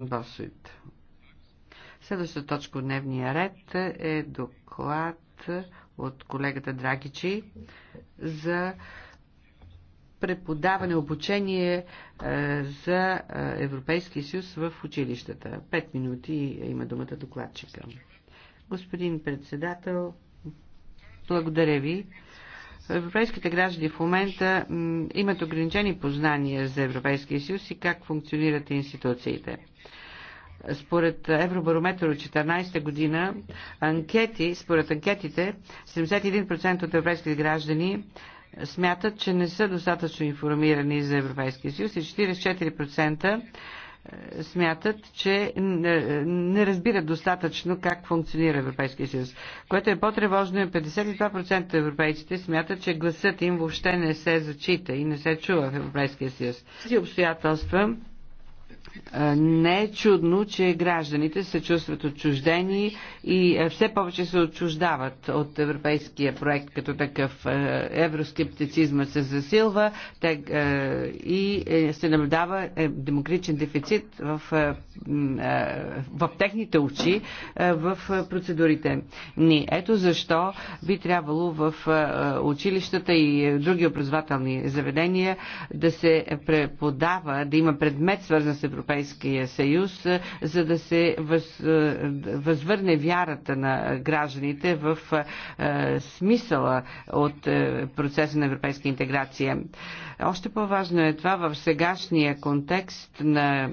Босуит. Следващата точка от дневния ред е доклад от колегата Драгичи за преподаване, обучение е, за е, Европейския съюз в училищата. Пет минути има думата докладчика. Господин председател, благодаря ви. Европейските граждани в момента имат ограничени познания за Европейския съюз и как функционират институциите. Според Евробарометър от 2014 година, анкети, според анкетите, 71% от европейските граждани смятат, че не са достатъчно информирани за Европейския съюз и 44% е, смятат, че не разбират достатъчно как функционира Европейския съюз. Което е по-тревожно е 52% от европейците смятат, че гласът им въобще не се зачита и не се чува в Европейския съюз. Тези обстоятелства не е чудно, че гражданите се чувстват отчуждени и все повече се отчуждават от европейския проект като такъв. Евроскептицизма се засилва и е, се наблюдава е, демократичен дефицит в, в техните очи в процедурите ни. Ето защо би трябвало в училищата и други образователни заведения да се преподава, да има предмет свързан с европейския Европейския съюз, е, за да се въз, е, възвърне вярата на гражданите в е, смисъла от процеса на европейска интеграция. Още по-важно е това в сегашния контекст на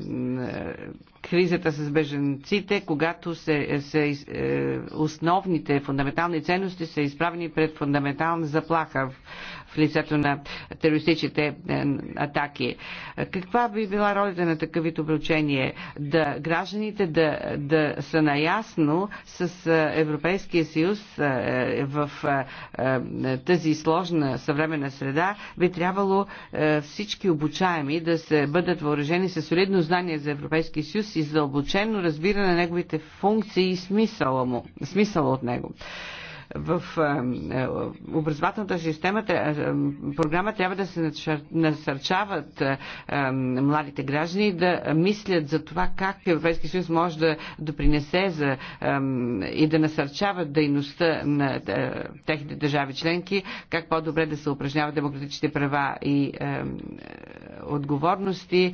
кризата с беженците, когато се, се, е, основните фундаментални ценности са изправени пред фундаментална заплаха в, в лицето на терористичните е, атаки. Каква би била ролята на такъв вид обручение? Да гражданите да, да са наясно с е, Европейския съюз в тази сложна съвременна среда, би трябвало всички обучаеми да се бъдат въоръжени с солидно знание за Европейския съюз и задълбочено разбиране на неговите функции и смисъла, му, смисъла от него в е, образователната система е, програма трябва да се насърчават младите граждани да мислят за това как Европейския съюз може да допринесе за, и да насърчават дейността на техните държави членки, как по-добре да се упражняват демократичните права и отговорности,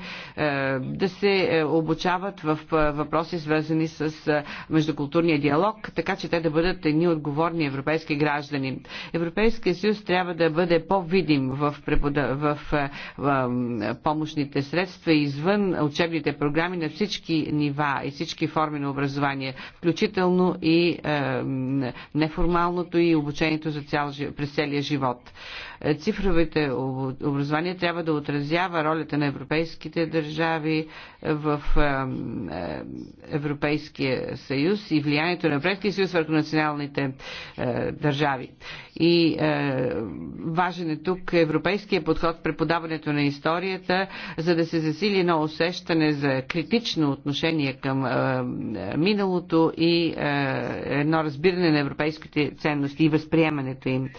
да се обучават в въпроси свързани с междукултурния диалог, така че те да бъдат едни отговорни европейски граждани. Европейския съюз трябва да бъде по-видим в, препода... в, в, в помощните средства извън учебните програми на всички нива и всички форми на образование, включително и е, неформалното и обучението за цял, през целия живот. Е, цифровите образование трябва да отразява ролята на европейските държави в Европейския съюз и влиянието на Европейския съюз върху националните е, държави. И е, важен е тук европейския подход в преподаването на историята, за да се засили едно усещане за критично отношение към е, миналото и едно разбиране на европейските ценности и възприемането им.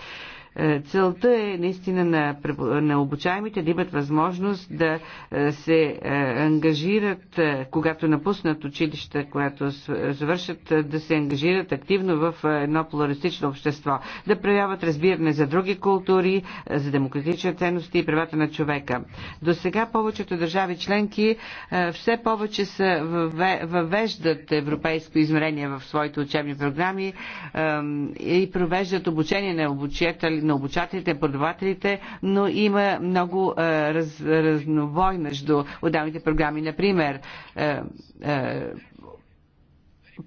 Е, целта е наистина на, на обучаемите да имат възможност да е, се е, ангажират, когато напуснат училища, когато завършат, да се ангажират активно в едно плуралистично общество, да проявяват разбиране за други култури, за демократични ценности и правата на човека. До сега повечето държави членки все повече са въвеждат европейско измерение в своите учебни програми и провеждат обучение на обучатели на обучателите, преподавателите, но има много е, раз, разнобой между отделните програми. Например, е, е,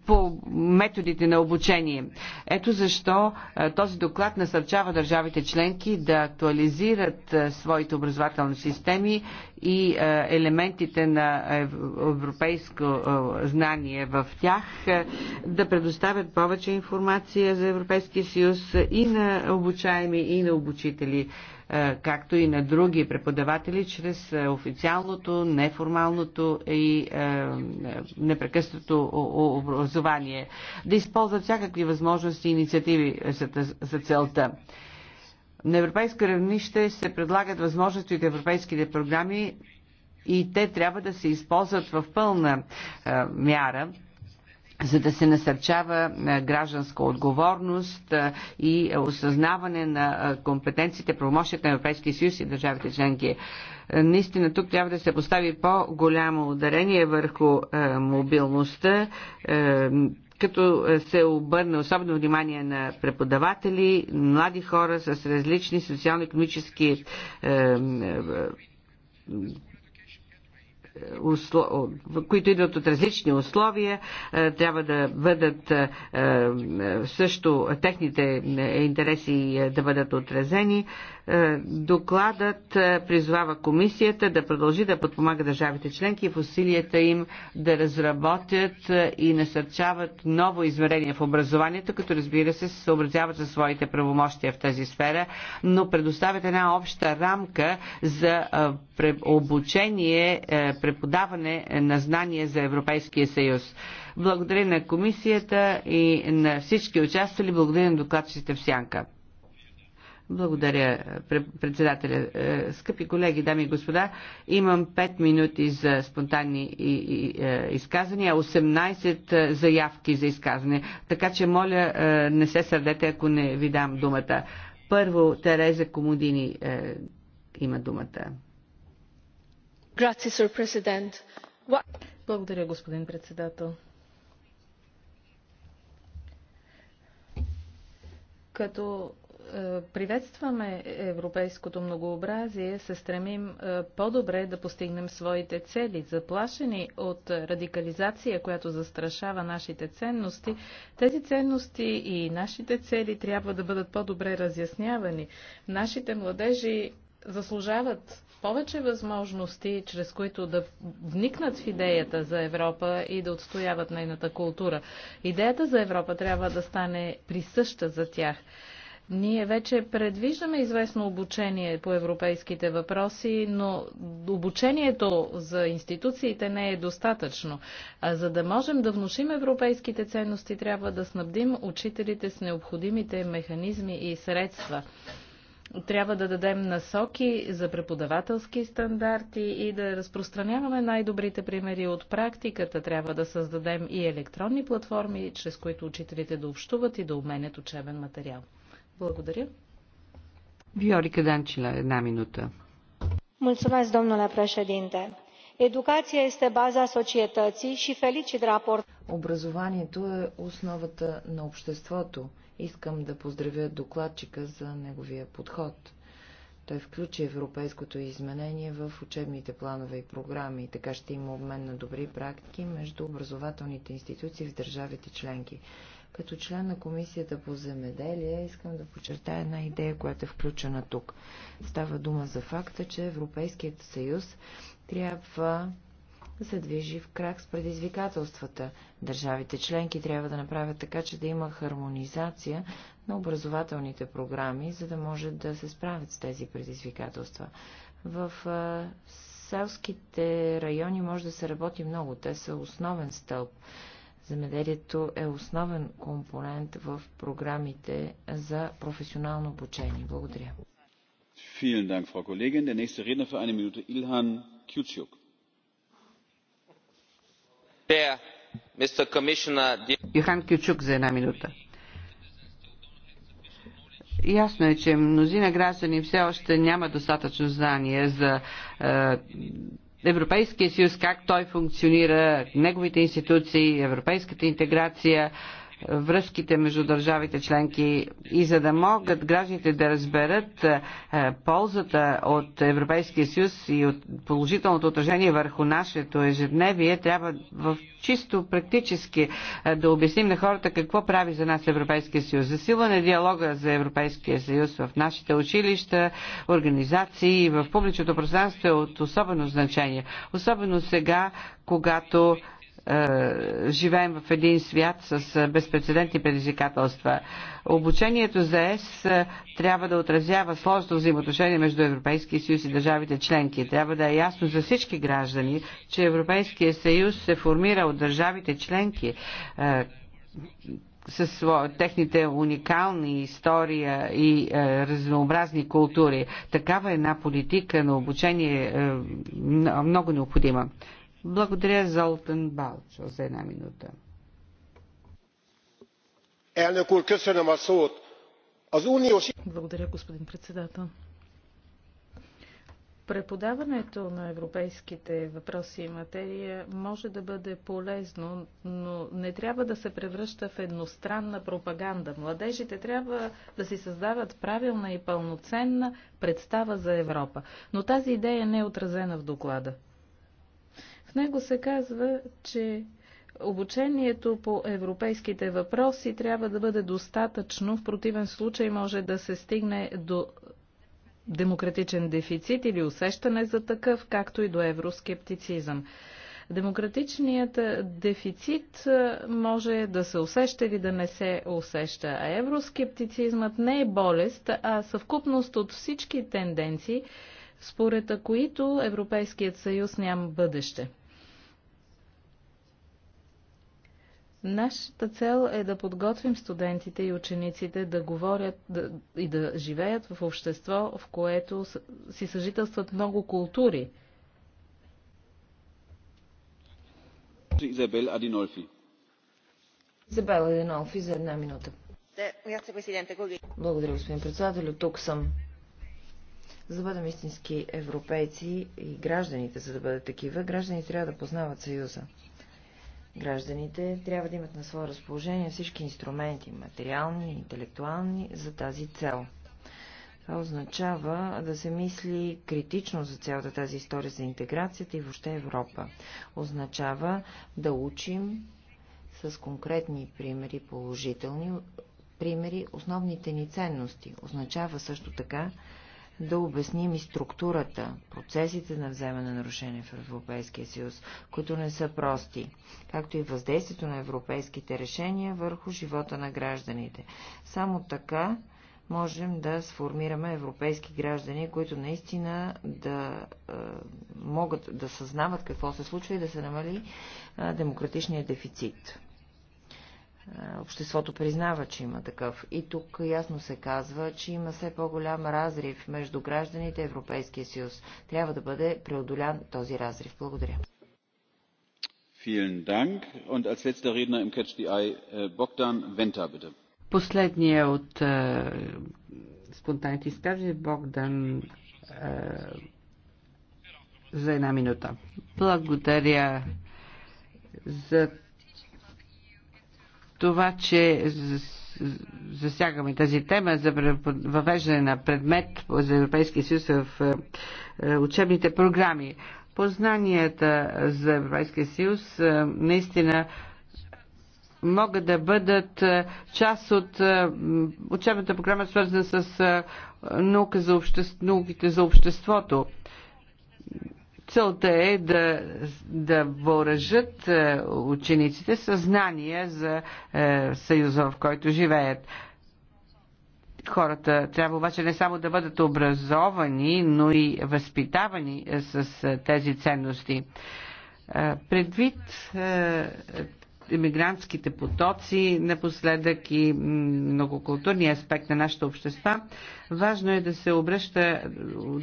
по методите на обучение. Ето защо е, този доклад насърчава държавите членки да актуализират е, своите образователни системи и е, елементите на европейско знание в тях, да предоставят повече информация за Европейския съюз и на обучаеми, и на обучители е, както и на други преподаватели, чрез е, официалното, неформалното и е, непрекъснато образование. Да използват всякакви възможности и инициативи за целта. На европейско равнище се предлагат възможности от европейските програми и те трябва да се използват в пълна мяра за да се насърчава гражданска отговорност и осъзнаване на компетенциите, промощите на Европейския съюз и държавите членки. Наистина тук трябва да се постави по-голямо ударение върху мобилността, като се обърне особено внимание на преподаватели, млади хора с различни социално-економически които идват от различни условия, е, трябва да бъдат е, е, също техните интереси да бъдат отразени. Докладът призвава комисията да продължи да подпомага държавите членки в усилията им да разработят и насърчават ново измерение в образованието, като разбира се се съобразяват за своите правомощия в тази сфера, но предоставят една обща рамка за обучение, преподаване на знания за Европейския съюз. Благодаря на комисията и на всички участвали. Благодаря на докладчите в Сянка. Благодаря, председателя. Е, скъпи колеги, дами и господа, имам 5 минути за спонтанни е, изказвания, 18 е, заявки за изказване. Така че, моля, не се сърдете, ако не ви дам думата. Първо, Тереза Комодини има думата. Благодаря, господин председател. Като е, приветстваме европейското многообразие, се стремим е, по-добре да постигнем своите цели. Заплашени от радикализация, която застрашава нашите ценности, тези ценности и нашите цели трябва да бъдат по-добре разяснявани. Нашите младежи заслужават повече възможности, чрез които да вникнат в идеята за Европа и да отстояват нейната култура. Идеята за Европа трябва да стане присъща за тях. Ние вече предвиждаме известно обучение по европейските въпроси, но обучението за институциите не е достатъчно. А за да можем да внушим европейските ценности, трябва да снабдим учителите с необходимите механизми и средства. Трябва да дадем насоки за преподавателски стандарти и да разпространяваме най-добрите примери от практиката. Трябва да създадем и електронни платформи, чрез които учителите да общуват и да обменят учебен материал. Благодаря. Виорика Данчила, една минута. Mulțumesc, domnule președinte. Educația este baza societății și felicit raport. Образованието е основата на обществото. Искам да поздравя докладчика за неговия подход. Той включи европейското изменение в учебните планове и програми, така ще има обмен на добри практики между образователните институции в държавите членки. Като член на Комисията по земеделие искам да подчертая една идея, която е включена тук. Става дума за факта, че Европейският съюз трябва се движи в крак с предизвикателствата. Държавите членки трябва да направят така, че да има хармонизация на образователните програми, за да може да се справят с тези предизвикателства. В селските райони може да се работи много. Те са основен стълб. Замеделието е основен компонент в програмите за професионално обучение. Благодаря. Vielen Dank, Frau Kollegin. Der nächste Redner für eine Minute, Ilhan Kyuciuk. Йохан Кючук за една минута. Ясно е, че мнозина граждани все още няма достатъчно знание за е, Европейския съюз, как той функционира, неговите институции, европейската интеграция. Е, връзките между държавите членки и за да могат гражданите да разберат е, ползата от Европейския съюз и от положителното отражение върху нашето ежедневие, трябва в чисто практически е, да обясним на хората какво прави за нас Европейския съюз. Засилване диалога за Европейския съюз в нашите училища, организации и в публичното пространство е от особено значение. Особено сега, когато е, живеем в един свят с е, безпредседентни предизвикателства. Обучението за ЕС е, трябва да отразява сложно взаимоотношение между Европейския съюз и държавите членки. Трябва да е ясно за всички граждани, че Европейския съюз се формира от държавите членки с техните уникални история и е, разнообразни култури. Такава една политика на обучение е много необходима. Благодаря Золтан Балчо за една минута. Благодаря, господин председател. Преподаването на европейските въпроси и материя може да бъде полезно, но не трябва да се превръща в едностранна пропаганда. Младежите трябва да си създават правилна и пълноценна представа за Европа. Но тази идея не е отразена в доклада него се казва, че обучението по европейските въпроси трябва да бъде достатъчно, в противен случай може да се стигне до демократичен дефицит или усещане за такъв, както и до евроскептицизъм. Демократичният дефицит може да се усеща или да не се усеща, а евроскептицизмът не е болест, а съвкупност от всички тенденции, според които Европейският съюз няма бъдеще. Нашата цел е да подготвим студентите и учениците да говорят да, и да живеят в общество, в което си съжителстват много култури. Изабел Адинолфи. Изабел Адинолфи за една минута. Благодаря, господин председател. Тук съм. За да бъдем истински европейци и гражданите, за да бъдат такива, гражданите трябва да познават Съюза. Гражданите трябва да имат на свое разположение всички инструменти, материални, интелектуални, за тази цел. Това означава да се мисли критично за цялата тази история за интеграцията и въобще Европа. Означава да учим с конкретни примери, положителни примери, основните ни ценности. Означава също така да обясним и структурата, процесите на вземане на решения в Европейския съюз, които не са прости, както и въздействието на европейските решения върху живота на гражданите. Само така можем да сформираме европейски граждани, които наистина да е, могат да съзнават какво се случва и да се намали е, демократичния дефицит. Е, обществото признава, че има такъв. И тук ясно се казва, че има все по-голям разрив между гражданите и Европейския съюз. Трябва да бъде преодолян този разрив. Благодаря. Äh, Последния от uh, спонтанните изказвания е Богдан uh, за една минута. Благодаря за това, че засягаме тази тема за въвеждане на предмет за Европейския съюз в е, е, учебните програми. Познанията за Европейския съюз е, наистина могат да бъдат част от учебната програма, свързана с наука за науките за обществото. Целта е да, да въоръжат е, учениците съзнание за е, съюза, в който живеят. Хората трябва обаче не само да бъдат образовани, но и възпитавани е, с тези ценности. Предвид иммигрантските потоци, напоследък и многокултурния аспект на нашите общества, важно е да се обръща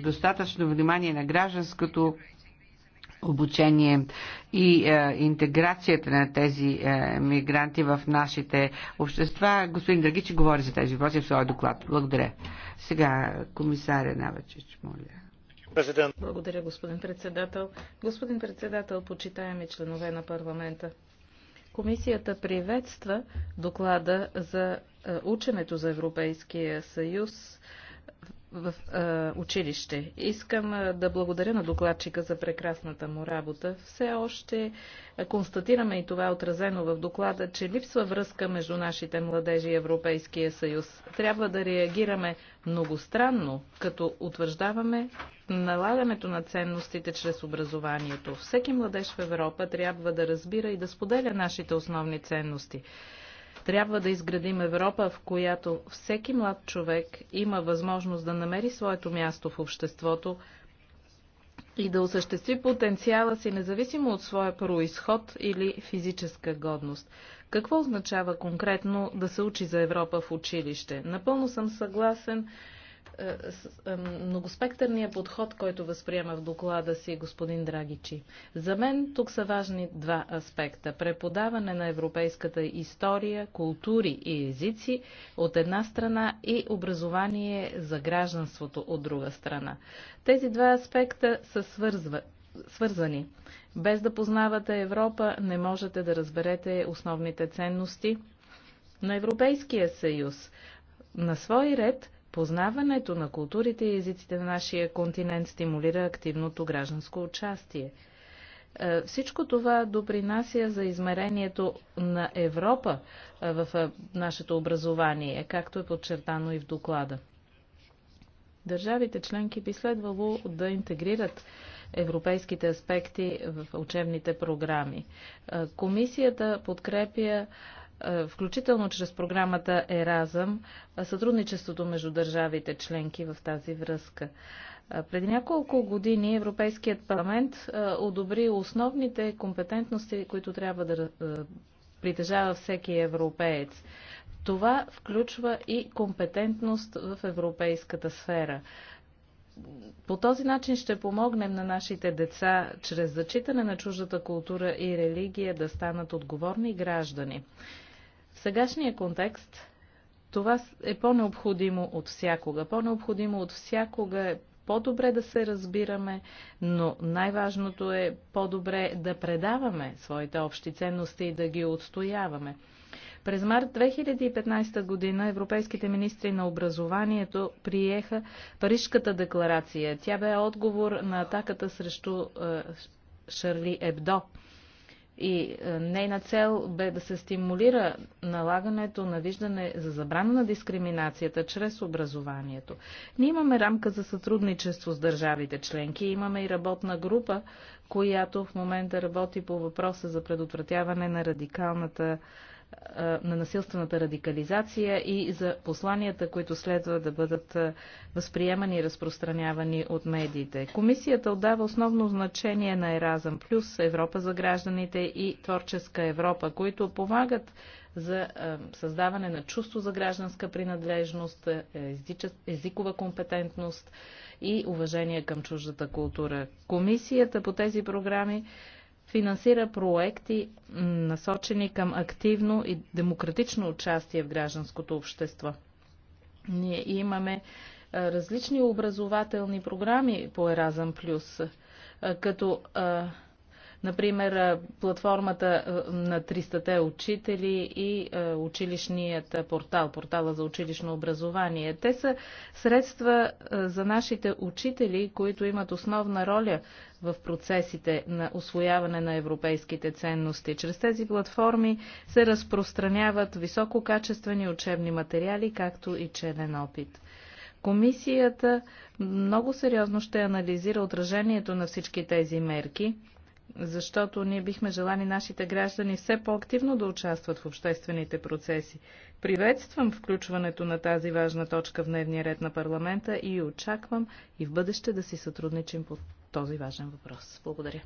достатъчно внимание на гражданското обучение и е, интеграцията на тези е, мигранти в нашите общества. Господин Драгичи говори за тези въпроси в своя доклад. Благодаря. Сега комисаря Навачич, моля. Президент. Благодаря, господин председател. Господин председател, почитаеми членове на парламента. Комисията приветства доклада за е, ученето за Европейския съюз в а, е, училище. Искам а, е, да благодаря на докладчика за прекрасната му работа. Все още а, е, констатираме и това отразено в доклада, че липсва връзка между нашите младежи и Европейския съюз. Трябва да реагираме многостранно, като утвърждаваме налагането на ценностите чрез образованието. Всеки младеж в Европа трябва да разбира и да споделя нашите основни ценности. Трябва да изградим Европа, в която всеки млад човек има възможност да намери своето място в обществото и да осъществи потенциала си независимо от своя происход или физическа годност. Какво означава конкретно да се учи за Европа в училище? Напълно съм съгласен е, е, многоспектърния подход, който възприема в доклада си господин Драгичи. За мен тук са важни два аспекта. Преподаване на европейската история, култури и езици от една страна и образование за гражданството от друга страна. Тези два аспекта са свързва, свързани. Без да познавате Европа, не можете да разберете основните ценности на Европейския съюз. На свой ред Познаването на културите и езиците на нашия континент стимулира активното гражданско участие. Е, всичко това допринася за измерението на Европа е, в е, нашето образование, както е подчертано и в доклада. Държавите членки би следвало да интегрират европейските аспекти в учебните програми. Комисията подкрепя е, включително чрез програмата Еразъм, е, сътрудничеството между държавите членки в тази връзка. Е, преди няколко години Европейският парламент одобри основните компетентности, които трябва да притежава всеки европеец. Това включва и компетентност в европейската сфера. По този начин ще помогнем на нашите деца, чрез зачитане на чуждата култура и религия, да станат отговорни граждани. В сегашния контекст това е по-необходимо от всякога. По-необходимо от всякога е по-добре да се разбираме, но най-важното е по-добре да предаваме своите общи ценности и да ги отстояваме. През март 2015 година европейските министри на образованието приеха Парижката декларация. Тя бе отговор на атаката срещу е, Шарли Ебдо. И е, нейна цел бе да се стимулира налагането на виждане за забрана на дискриминацията чрез образованието. Ние имаме рамка за сътрудничество с държавите членки, имаме и работна група, която в момента работи по въпроса за предотвратяване на радикалната на насилствената радикализация и за посланията, които следва да бъдат възприемани и разпространявани от медиите. Комисията отдава основно значение на Еразъм Плюс, Европа за гражданите и Творческа Европа, които помагат за създаване на чувство за гражданска принадлежност, езикова компетентност и уважение към чуждата култура. Комисията по тези програми финансира проекти насочени към активно и демократично участие в гражданското общество. Ние имаме различни образователни програми по Еразъм Плюс, като Например, платформата на 300-те учители и училищният портал, портала за училищно образование. Те са средства за нашите учители, които имат основна роля в процесите на освояване на европейските ценности. Чрез тези платформи се разпространяват висококачествени учебни материали, както и челен опит. Комисията много сериозно ще анализира отражението на всички тези мерки защото ние бихме желали нашите граждани все по-активно да участват в обществените процеси. Приветствам включването на тази важна точка в дневния ред на парламента и очаквам и в бъдеще да си сътрудничим по този важен въпрос. Благодаря.